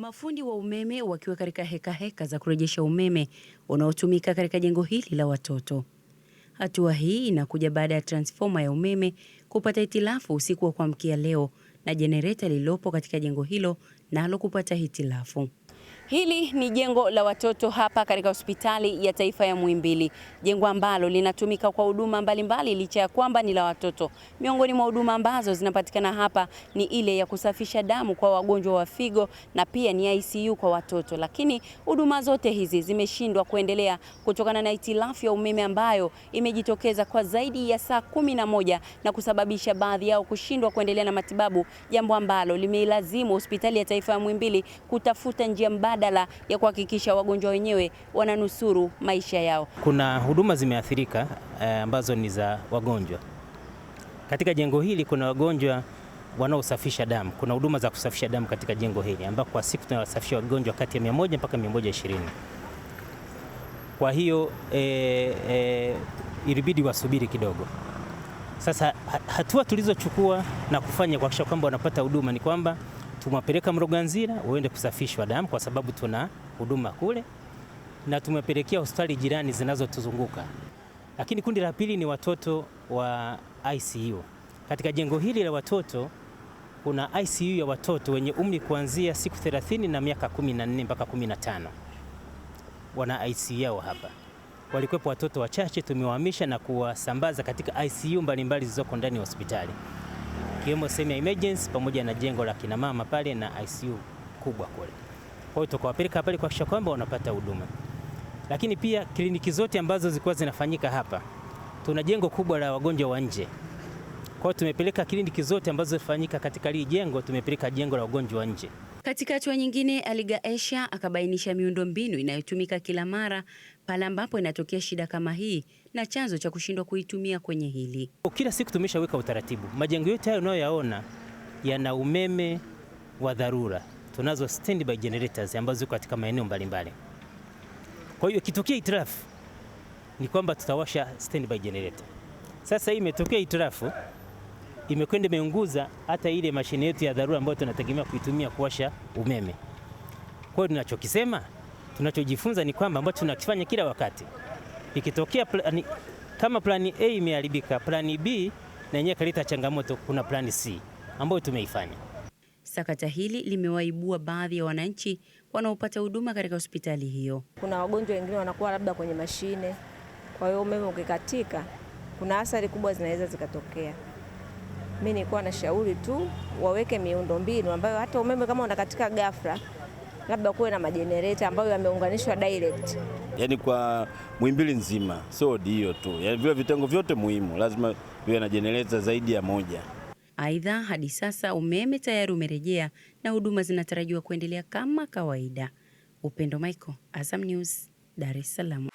Mafundi wa umeme wakiwa katika heka heka za kurejesha umeme unaotumika katika jengo hili la watoto. Hatua hii inakuja baada ya transfoma ya umeme kupata hitilafu usiku wa kuamkia leo na jenereta lililopo katika jengo hilo nalo kupata hitilafu. Hili ni jengo la watoto hapa katika hospitali ya taifa ya Muhimbili, jengo ambalo linatumika kwa huduma mbalimbali licha ya kwamba ni la watoto. Miongoni mwa huduma ambazo zinapatikana hapa ni ile ya kusafisha damu kwa wagonjwa wa figo na pia ni ICU kwa watoto, lakini huduma zote hizi zimeshindwa kuendelea kutokana na itilafu ya umeme ambayo imejitokeza kwa zaidi ya saa kumi na moja na kusababisha baadhi yao kushindwa kuendelea na matibabu, jambo ambalo limeilazimu hospitali ya taifa ya Muhimbili kutafuta njia mbadala badala ya kuhakikisha wagonjwa wenyewe wananusuru maisha yao. Kuna huduma zimeathirika eh, ambazo ni za wagonjwa. Katika jengo hili kuna wagonjwa wanaosafisha damu. Kuna huduma za kusafisha damu katika jengo hili ambapo kwa siku tunawasafisha wagonjwa kati ya 100 mpaka 120. Kwa hiyo e, e, ilibidi wasubiri kidogo. Sasa hatua tulizochukua na kufanya kuhakikisha kwamba wanapata huduma ni kwamba tumewapeleka Mloganzila uende kusafishwa damu kwa sababu tuna huduma kule, na tumepelekea hospitali jirani zinazotuzunguka. Lakini kundi la pili ni watoto wa ICU. Katika jengo hili la watoto kuna ICU ya watoto wenye umri kuanzia siku 30 na miaka 14 mpaka 15, wana ICU yao hapa. Walikuwepo watoto wachache, tumewahamisha na kuwasambaza katika ICU mbalimbali zilizoko ndani ya hospitali ikiwemo sehemu ya emergency pamoja na jengo la kina mama pale na ICU kubwa kule. Kwa hiyo tukawapeleka pale kuhakikisha kwamba wanapata huduma. Lakini pia kliniki zote ambazo zilikuwa zinafanyika hapa, tuna jengo kubwa la wagonjwa wa nje. Kwa hiyo tumepeleka kliniki zote ambazo zilifanyika katika hili jengo, tumepeleka jengo la wagonjwa wa nje. Katika hatua nyingine, Aliga asia akabainisha miundombinu inayotumika kila mara pale ambapo inatokea shida kama hii na chanzo cha kushindwa kuitumia kwenye hili. Kila siku tumeshaweka utaratibu. Majengo yote hayo unayoyaona yana umeme wa dharura, tunazo standby generators ambazo ziko katika maeneo mbalimbali. Kwa hiyo ikitokea hitilafu ni kwamba tutawasha standby generator. Sasa hii imetokea hitilafu, imekwenda imeunguza hata ile mashine yetu ya dharura ambayo tunategemea kuitumia kuwasha umeme. Kwa hiyo tunachokisema tunachojifunza ni kwamba ambacho tunakifanya kila wakati, ikitokea plani, kama plani A imeharibika, plani B na yenyewe kaleta changamoto, kuna plani C ambayo tumeifanya. Sakata hili limewaibua baadhi ya wananchi wanaopata huduma katika hospitali hiyo. Kuna wagonjwa wengine wanakuwa labda kwenye mashine, kwa hiyo umeme ukikatika, kuna athari kubwa zinaweza zikatokea. Mimi nilikuwa nashauri tu waweke miundombinu ambayo hata umeme kama unakatika ghafla labda kuwe na majenereta ambayo yameunganishwa direct, yani kwa Muhimbili nzima, sio dio tu, yani vile vitengo vyote muhimu lazima viwe na jenereta zaidi ya moja. Aidha, hadi sasa umeme tayari umerejea na huduma zinatarajiwa kuendelea kama kawaida. Upendo Michael, Azam News, Dar es Salaam.